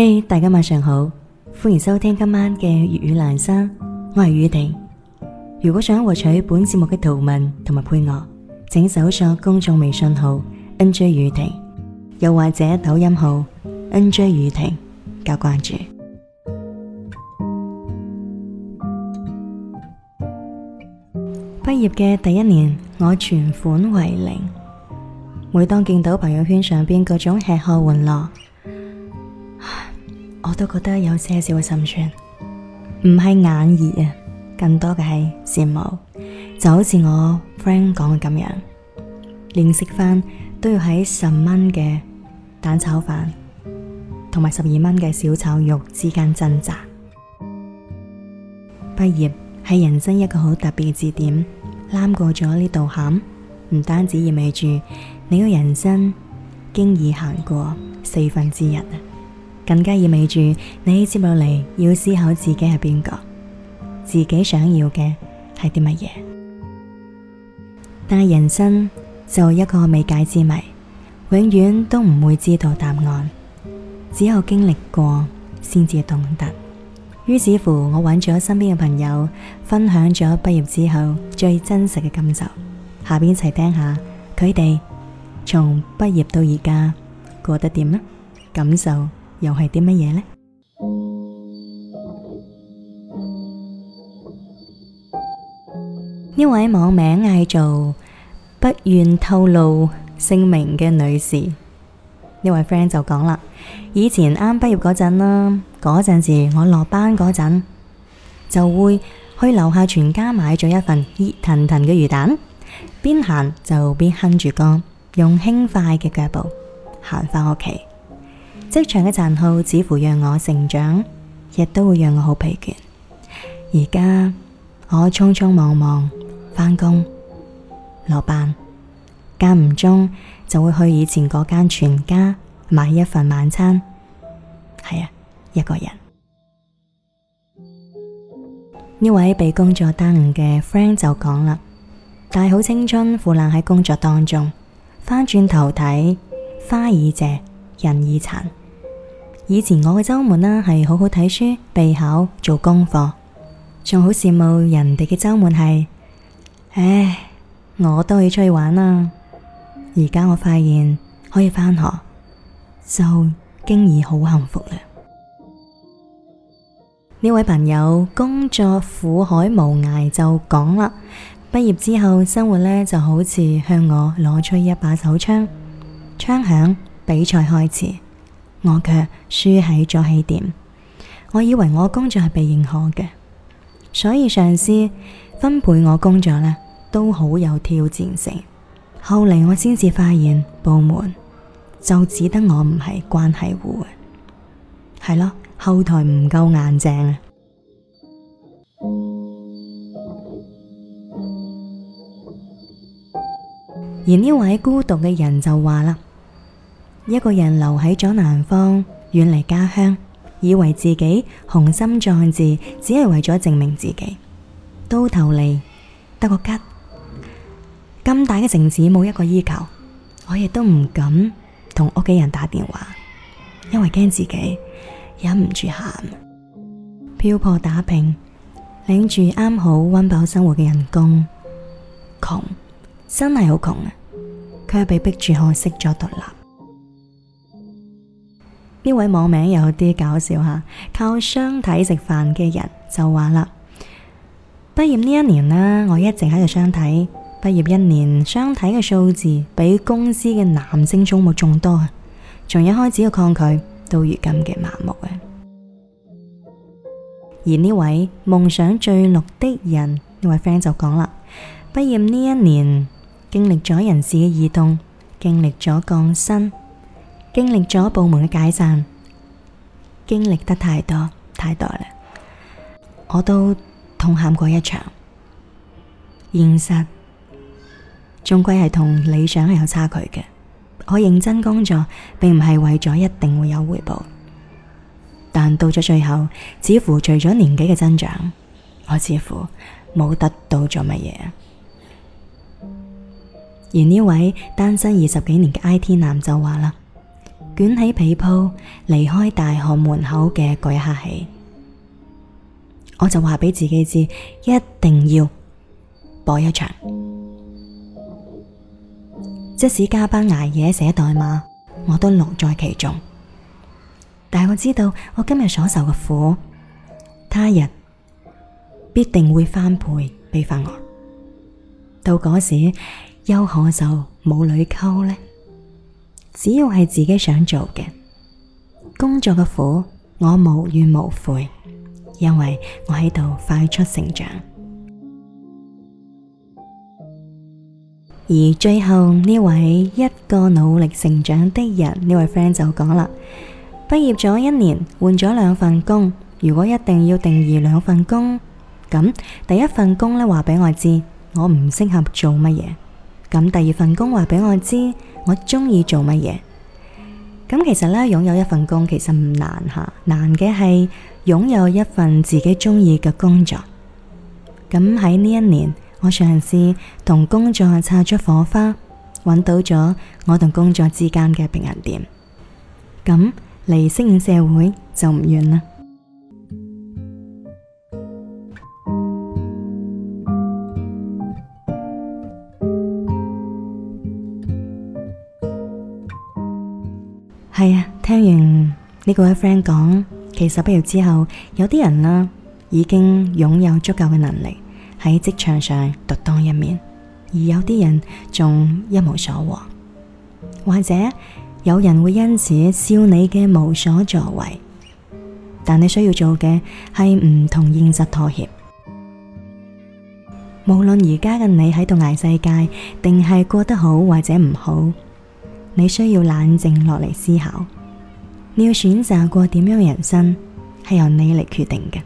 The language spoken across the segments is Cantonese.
嘿，hey, 大家晚上好，歡迎收聽今晚嘅粵語闌珊，我係宇婷。如果想獲取本節目嘅圖文同埋配樂，請搜索公眾微信號 nj 宇婷，又或者抖音號 nj 宇婷，加關注。 畢業嘅第一年，我存款為零。每當見到朋友圈上邊各種吃喝玩樂。我都覺得有些少嘅心酸，唔係眼紅啊，更多嘅係羨慕。就好似我 friend 講嘅咁樣，連食飯都要喺十蚊嘅蛋炒飯同埋十二蚊嘅小炒肉之間掙扎。畢業係人生一個好特別嘅節點，跨過咗呢道坎，唔單止意味住你嘅人生經已行過四分之一啊。更加意味住你接落嚟要思考自己係邊個，自己想要嘅係啲乜嘢。但人生就一個未解之謎，永遠都唔會知道答案。只有經歷過，先至懂得。於是乎，我揾咗身邊嘅朋友，分享咗畢業之後最真實嘅感受。下邊一齊聽下佢哋從畢業到而家過得點啊，感受。又係啲乜嘢呢？呢位網名嗌做不願透露姓名嘅女士，呢位 friend 就講啦：以前啱畢業嗰陣啦，嗰陣時我落班嗰陣，就會去樓下全家買咗一份熱騰騰嘅魚蛋，邊行就邊哼住歌，用輕快嘅腳步行翻屋企。職場嘅殘酷，似乎讓我成長，亦都會讓我好疲倦。而家我匆匆忙忙翻工落班，間唔中就會去以前嗰間全家買一份晚餐。係啊，一個人。呢位被工作耽誤嘅 friend 就講啦：大好青春腐爛喺工作當中。翻轉頭睇，花已謝。人易殘，以前我嘅周末呢係好好睇書、備考、做功課，仲好羨慕人哋嘅周末係，唉，我都可以出去玩啦。而家我發現可以翻學，就經已好幸福啦。呢 位朋友工作苦海無涯就講啦，畢業之後生活呢就好似向我攞出一把手槍，槍響。比賽開始，我卻輸喺咗起點。我以為我工作係被認可嘅，所以上司分配我工作呢都好有挑戰性。後嚟我先至發現，部門就只得我唔係關係戶嘅，係咯，後台唔夠硬淨啊！而呢位孤獨嘅人就話啦。一個人留喺咗南方，遠離家鄉，以為自己雄心壯志，只係為咗證明自己。到頭嚟得個吉，咁大嘅城市，冇一個依靠，我亦都唔敢同屋企人打電話，因為驚自己忍唔住喊。漂泊打拼，領住啱好温飽生活嘅人工，窮真係好窮啊！佢被逼住學識咗獨立。呢位網名有啲搞笑吓，靠相睇食飯嘅人就話啦：畢業呢一年啦，我一直喺度相睇。畢業一年，相睇嘅數字比公司嘅男性數目仲多啊！從一開始嘅抗拒，到如今嘅麻木嘅。而呢位夢想最綠的人，呢位 friend 就講啦：畢業呢一年，經歷咗人事嘅異動，經歷咗降薪。經歷咗部門嘅解散，經歷得太多太多啦，我都痛喊過一場。現實，終歸係同理想係有差距嘅。我認真工作，並唔係為咗一定會有回報，但到咗最後，似乎除咗年紀嘅增長，我似乎冇得到咗乜嘢。而呢位單身二十幾年嘅 IT 男就話啦。捲起被鋪，離開大學門口嘅嗰一刻起，我就話俾自己知，一定要搏一場。即使加班捱夜寫代碼，我都樂在其中。但係我知道，我今日所受嘅苦，他日必定會翻倍俾翻我。到嗰時，休可就冇女溝呢？只要係自己想做嘅工作嘅苦，我無怨無悔，因為我喺度快速成長。而最後呢位一個努力成長的人，呢位 friend 就講啦：畢業咗一年，換咗兩份工。如果一定要定義兩份工，咁第一份工呢，話俾我知，我唔適合做乜嘢。咁第二份工話俾我知，我鍾意做乜嘢。咁其實咧，擁有一份工其實唔難吓，難嘅係擁有一份自己鍾意嘅工作。咁喺呢一年，我嘗試同工作擦出火花，搵到咗我同工作之間嘅平衡點。咁離適應社會就唔遠啦。係啊，聽完呢個位 friend 講，其實畢業之後有啲人啦，已經擁有足夠嘅能力喺職場上獨當一面，而有啲人仲一無所獲，或者有人會因此笑你嘅無所作為。但你需要做嘅係唔同現實妥協，無論而家嘅你喺度捱世界定係過得好或者唔好。你需要冷靜落嚟思考，你要選擇過點樣人生，係由你嚟決定嘅。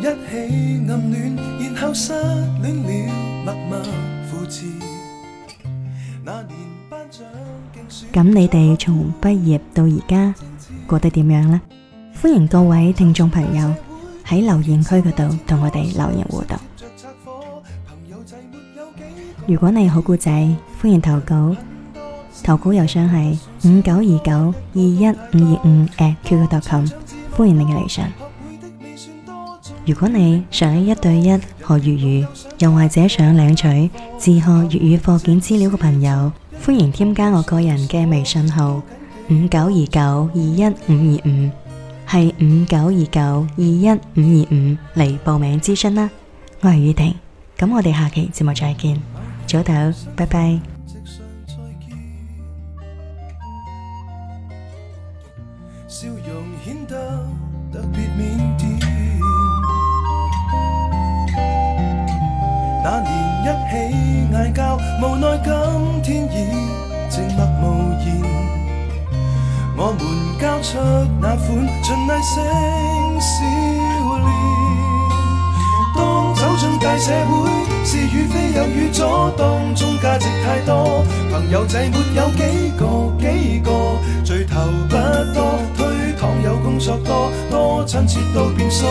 一起暗戀然後失戀了，默默扶持。咁你哋從畢業到而家過得點樣呢？歡迎各位聽眾朋友喺留言區嗰度同我哋留言互動。如果你好故仔，歡迎投稿，投稿郵箱係五九二九二一五二五誒，QQ 獨琴，com，歡迎你嘅嚟上。如果你想一對一學粵語，又或者想領取自學粵語課件資料嘅朋友，歡迎添加我個人嘅微信號五九二九二一五二五，係五九二九二一五二五嚟報名諮詢啦。我係宇婷，咁我哋下期節目再見，早唞，拜拜。笑容顯得特別腼腆。那年一起嗌交，無奈今天已寂寞無言。我們交出那款循例性笑臉。當走進大社會，是與非有與左，當中價值太多。朋友仔沒有幾個幾個，聚頭不多。推。倘有工作多，多親切都變疏。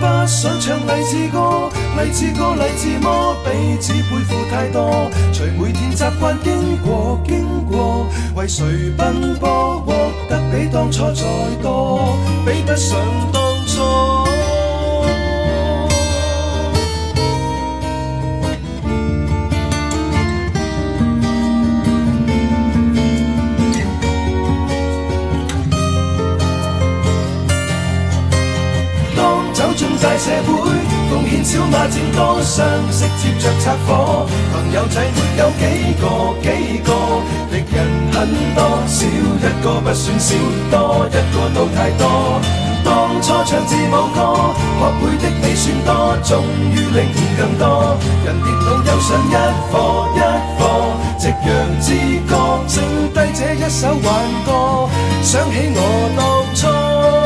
不想唱勵志歌，勵志歌勵志麼？彼此背負太多，隨每天習慣經過經過，為誰奔波獲，獲得比當初再多，比不上當初。大社會，貢獻少馬佔多，相識接着擦火，朋友仔沒有幾個幾個，敵人很多，少一個不算少，多一個都太多。當初唱字母歌，學會的你算多，終於領悟更多。人跌倒又上一課一課，夕陽之歌，剩低這一首挽歌，想起我當初。